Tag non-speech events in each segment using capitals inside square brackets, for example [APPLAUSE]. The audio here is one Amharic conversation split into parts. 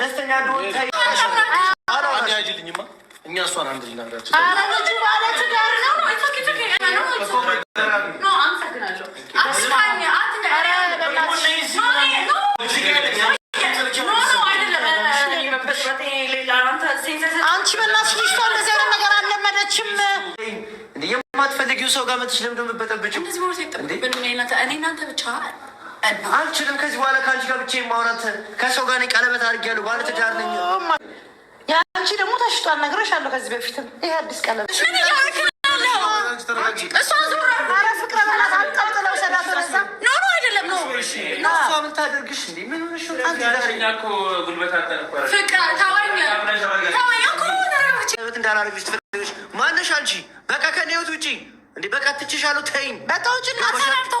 ደስተኛ እንደሆነ አያጅልኝማ እኛ እሷን አንድ አንቺ በእናትሽ ልጅቷ እንደዚህ አይነት ነገር አልለመደችም። የማትፈልጊው ሰው ጋር መጥተሽ ለምንድን ነው የምትበጠብጪው? እኔ እናንተ ብቻ አልችልም። ከዚህ በኋላ ከአንቺ ጋር ብቻ የማውራት ከሰው ጋር ቀለበት አድርጊያለሁ። ባለ ትዳር ነኝ። የአንቺ ደግሞ ተሽጧል፣ ነግሬሻለሁ ከዚህ በፊትም። ይሄ አዲስ ቀለበት እንዳላረግሽ ማነሽ አንቺ? በቃ ከኔ ህይወት ውጪ እንዴ! በቃ ትችሻለሁ። ተይኝ በቃ ውጭ ናሰራርተው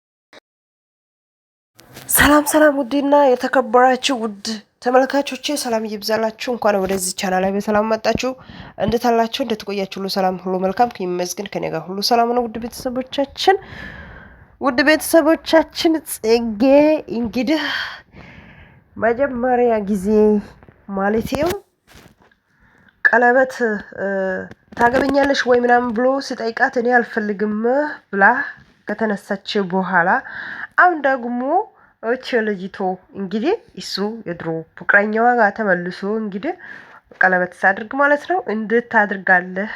ሰላም ሰላም፣ ውድና የተከበራችሁ ውድ ተመልካቾቼ ሰላም እየብዛላችሁ። እንኳን ወደዚህ ቻናል ላይ በሰላም መጣችሁ። እንዴት አላችሁ? እንዴት ቆያችሁ? ሁሉ ሰላም፣ ሁሉ መልካም ይመስገን። ከኔ ጋር ሁሉ ሰላም ነው። ውድ ቤተሰቦቻችን ውድ ቤተሰቦቻችን ጽጌ እንግዲህ መጀመሪያ ጊዜ ማለት ቀለበት ታገበኛለሽ ወይ ምናምን ብሎ ሲጠይቃት እኔ አልፈልግም ብላ ከተነሳች በኋላ አሁን ደግሞ እች ልጅቶ እንግዲህ እሱ የድሮ ፍቅረኛዋ ጋር ተመልሶ እንግዲህ ቀለበት ሳድርግ ማለት ነው። እንዴት ታድርጋለህ?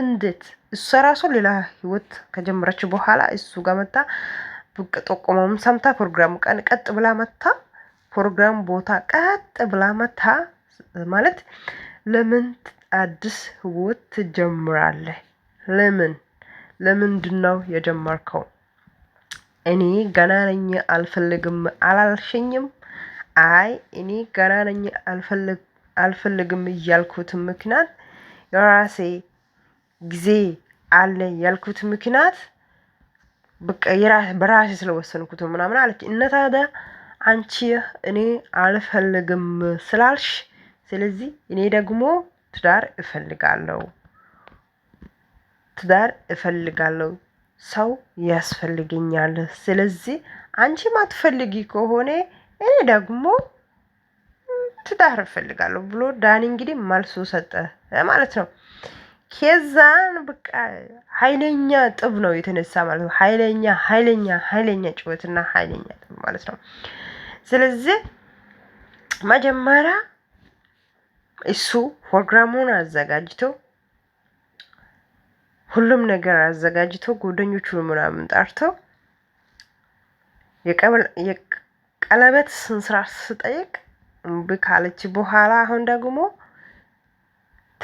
እንዴት እሷ ራሱ ሌላ ህይወት ከጀመረች በኋላ እሱ ጋር መታ ብቅ ጠቆመም ሰምታ ፕሮግራም ቀን ቀጥ ብላ መታ ፕሮግራም ቦታ ቀጥ ብላ መታ ማለት ለምን አዲስ ህይወት ትጀምራለህ? ለምን ለምንድን ነው የጀመርከው? እኔ ገና ነኝ አልፈልግም አላልሽኝም? አይ እኔ ገና ነኝ አልፈልግም እያልኩት ምክንያት የራሴ ጊዜ አለ ያልኩት ምክንያት በራሴ ስለወሰንኩት ምናምን አለች። እና ታዲያ አንቺ እኔ አልፈልግም ስላልሽ ስለዚህ እኔ ደግሞ ትዳር እፈልጋለሁ። ትዳር እፈልጋለሁ ሰው ያስፈልገኛል። ስለዚህ አንቺ ማትፈልጊ ከሆነ እኔ ደግሞ ትዳር እፈልጋለሁ ብሎ ዳኒ እንግዲህ መልሶ ሰጠ ማለት ነው። ከዛን በቃ ኃይለኛ ጥብ ነው የተነሳ ማለት ነው። ኃይለኛ ኃይለኛ ኃይለኛ ጭወትና ኃይለኛ ጥብ ማለት ነው። ስለዚህ መጀመሪያ እሱ ፕሮግራሙን አዘጋጅቶ ሁሉም ነገር አዘጋጅቶ ጓደኞቹ ምናምን ጠርተው የቀለበት ስንስራ ስጠይቅ እምቢ ካለች በኋላ አሁን ደግሞ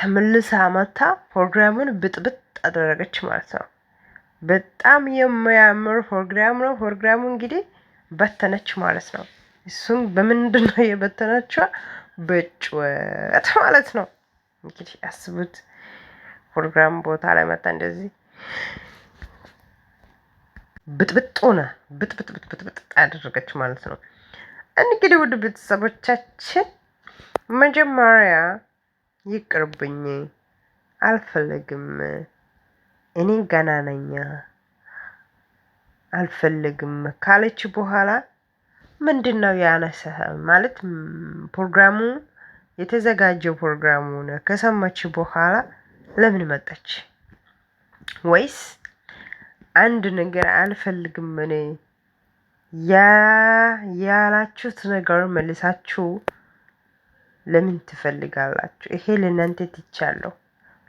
ተመልሳ መታ ፕሮግራሙን ብጥብጥ አደረገች ማለት ነው። በጣም የሚያምር ፕሮግራም ነው። ፕሮግራሙ እንግዲህ በተነች ማለት ነው። እሱም በምንድን ነው የበተነችው? ማለት ነው። እንግዲህ አስቡት። ፕሮግራም ቦታ ላይ መጣ። እንደዚህ ብጥብጥ ሆነ፣ ብጥብጥብጥብጥ ያደረገች ማለት ነው። እንግዲህ ውድ ቤተሰቦቻችን መጀመሪያ ይቅርብኝ፣ አልፈልግም፣ እኔ ገናነኛ አልፈልግም ካለች በኋላ ምንድን ነው ያነሰ ማለት ፕሮግራሙ የተዘጋጀው ፕሮግራሙን ከሰማች በኋላ ለምን መጣች? ወይስ አንድ ነገር አልፈልግም እኔ ያላችሁት ነገር መልሳችሁ ለምን ትፈልጋላችሁ? ይሄ ለእናንተ ትቻለሁ።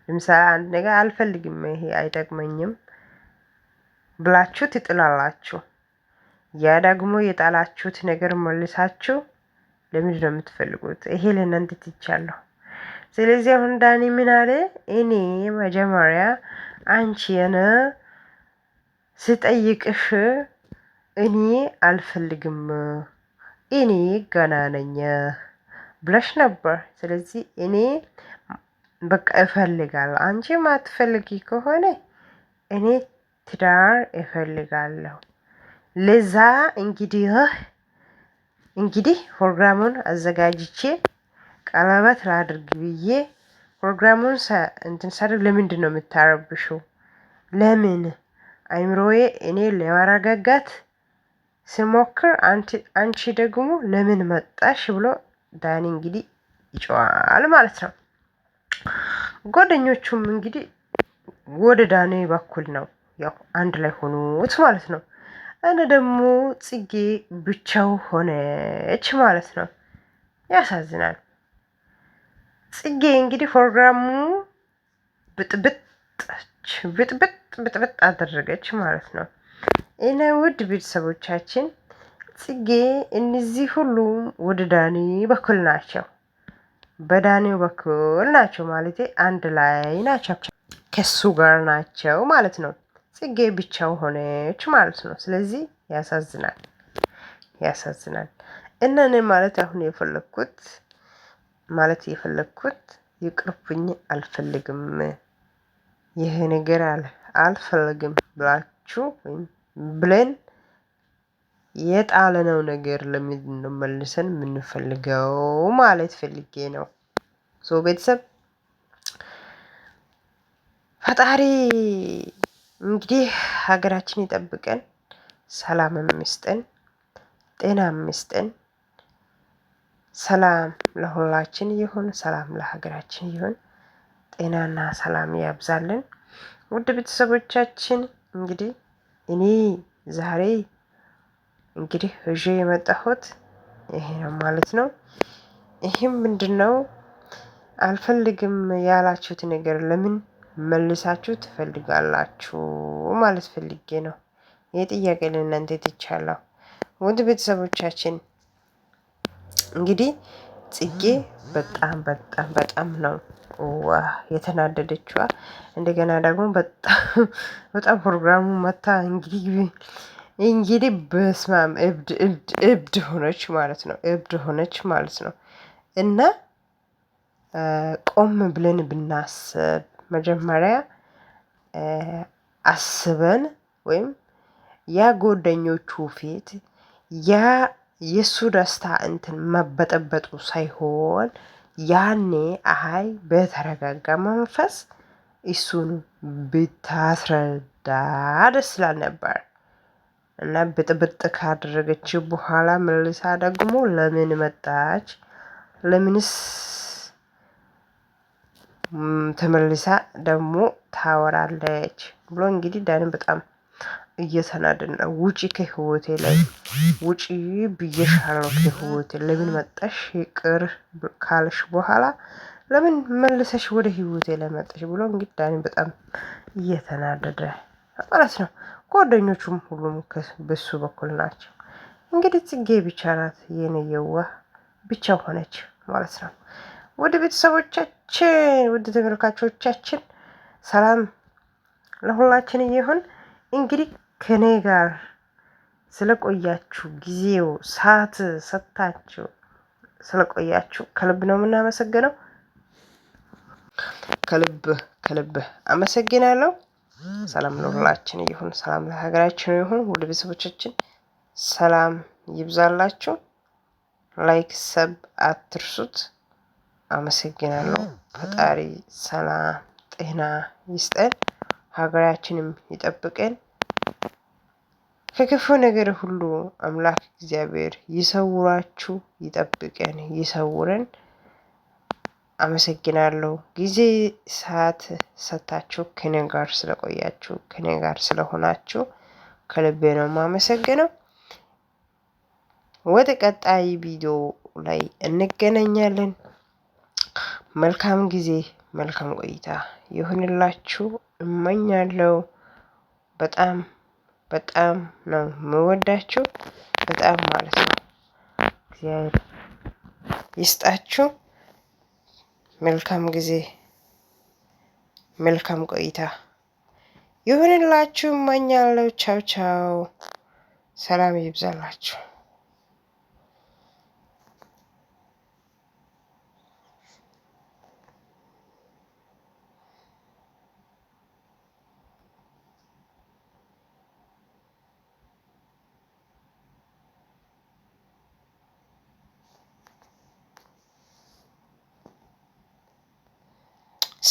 ለምሳሌ አንድ ነገር አልፈልግም፣ ይሄ አይጠቅመኝም ብላችሁ ትጥላላችሁ። ያ ደግሞ የጣላችሁት ነገር መልሳችሁ ለምንድን ነው የምትፈልጉት? ይሄ ለእናንተ ትቻለሁ። ስለዚህ አሁን ዳኒ ምን አለ? እኔ መጀመሪያ አንቺን ስጠይቅሽ እኔ አልፈልግም፣ እኔ ገና ነኝ ብለሽ ነበር። ስለዚህ እኔ በቃ እፈልጋለሁ። አንቺ ማትፈልጊ ከሆነ እኔ ትዳር እፈልጋለሁ። ለዛ እንግዲህ እንግዲህ ፕሮግራሙን አዘጋጅቼ ቀለበት ላድርግ ብዬ ፕሮግራሙን እንትን ሳደርግ ለምንድነው የምታረብሹ? ለምን አይምሮዬ እኔ ለማረጋጋት ስሞክር አንቺ ደግሞ ለምን መጣሽ ብሎ ዳኒ እንግዲህ ይጨዋል ማለት ነው። ጓደኞቹም እንግዲህ ወደ ዳኒ በኩል ነው ያው አንድ ላይ ሆኑት ማለት ነው። እነ ደግሞ ጽጌ ብቻው ሆነች ማለት ነው። ያሳዝናል። ጽጌ እንግዲህ ፕሮግራሙ ብጥብጥ ብጥብጥ ብጥብጥ አደረገች ማለት ነው። እና ውድ ቤተሰቦቻችን ጽጌ እነዚህ ሁሉም ወደ ዳኒ በኩል ናቸው፣ በዳኒው በኩል ናቸው ማለት አንድ ላይ ናቸው፣ ከሱ ጋር ናቸው ማለት ነው። ጽጌ ብቻው ሆነች ማለት ነው። ስለዚህ ያሳዝናል፣ ያሳዝናል። እና እኔ ማለት አሁን የፈለግኩት ማለት የፈለግኩት ይቅርብኝ አልፈልግም፣ ይህ ነገር አልፈልግም ብላችሁ ብለን የጣለነው ነገር ለምንድን ነው መልሰን የምንፈልገው ማለት ፈልጌ ነው። ሶ ቤተሰብ ፈጣሪ እንግዲህ ሀገራችን ይጠብቀን፣ ሰላምም ይስጠን፣ ጤናም ይስጠን። ሰላም ለሁላችን ይሁን፣ ሰላም ለሀገራችን ይሁን፣ ጤናና ሰላም ያብዛልን። ውድ ቤተሰቦቻችን እንግዲህ እኔ ዛሬ እንግዲህ እዥ የመጣሁት ይሄ ነው ማለት ነው። ይህም ምንድን ነው? አልፈልግም ያላችሁት ነገር ለምን መልሳችሁ ትፈልጋላችሁ ማለት ፈልጌ ነው። ይህ ጥያቄ ለእናንተ ትቻለሁ። ውድ ቤተሰቦቻችን እንግዲህ ጽጌ በጣም በጣም በጣም ነው የተናደደችዋ። እንደገና ደግሞ በጣም [LAUGHS] በጣም ፕሮግራሙ መታ። እንግዲህ እንግዲህ በስማም እብድ እብድ እብድ ሆነች ማለት ነው። እብድ ሆነች ማለት ነው። እና ቆም ብለን ብናስብ መጀመሪያ አስበን ወይም ያ ጎደኞቹ ፊት ያ የእሱ ደስታ እንትን መበጠበጡ ሳይሆን ያኔ አሀይ በተረጋጋ መንፈስ እሱን ብታስረዳ ደስ ይላል ነበር። እና ብጥብጥ ካደረገች በኋላ መልሳ ደግሞ ለምን መጣች? ለምንስ ተመልሳ ደግሞ ታወራለች ብሎ እንግዲህ ዳንም በጣም እየተናደን ነው። ውጪ ከህይወቴ ላይ ውጪ ነው ከህይወቴ። ለምን መጣሽ ይቅር ካልሽ በኋላ ለምን መልሰሽ ወደ ህይወቴ ላይ መጣሽ ብሎ እንግዲህ ዳኒ በጣም እየተናደደ ማለት ነው። ጓደኞቹም ሁሉም በሱ በኩል ናቸው። እንግዲህ ጽጌ ብቻ ናት የኔ የዋህ ብቻ ሆነች ማለት ነው። ወደ ቤተሰቦቻችን ወደ ተመልካቾቻችን ሰላም ለሁላችን እየሆን እንግዲህ ከኔ ጋር ስለቆያችሁ ጊዜው ሰዓት ሰጥታችሁ ስለቆያችሁ ከልብ ነው የምናመሰግነው። ከልብ ከልብ አመሰግናለሁ። ሰላም ለሁላችን ይሁን፣ ሰላም ለሀገራችን ይሁን። ውድ ቤተሰቦቻችን ሰላም ይብዛላችሁ። ላይክ ሰብ አትርሱት። አመሰግናለሁ። ፈጣሪ ሰላም ጤና ይስጠን፣ ሀገራችንም ይጠብቀን። ከክፉ ነገር ሁሉ አምላክ እግዚአብሔር ይሰውራችሁ፣ ይጠብቀን፣ ይሰውረን። አመሰግናለሁ። ጊዜ ሰዓት ሰታችሁ ከኔ ጋር ስለቆያችሁ ከኔ ጋር ስለሆናችሁ ከልቤ ነው የማመሰግነው። ወደ ቀጣይ ቪዲዮ ላይ እንገናኛለን። መልካም ጊዜ፣ መልካም ቆይታ ይሁንላችሁ እመኛለሁ። በጣም በጣም ነው የምወዳችሁ። በጣም ማለት ነው። እግዚአብሔር ይስጣችሁ። መልካም ጊዜ፣ መልካም ቆይታ ይሁንላችሁ እመኛለሁ። ቻው ቻው። ሰላም ይብዛላችሁ።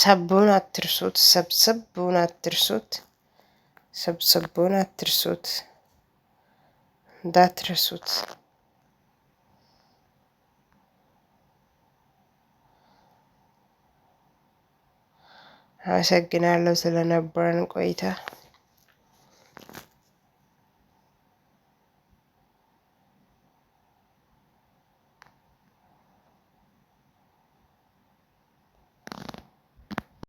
ሰቡን አትርሱት። ሰብሰቡን አትርሱት። ሰብሰቡን አትርሱት እንዳትረሱት። አመሰግናለሁ ስለነበረን ቆይታ።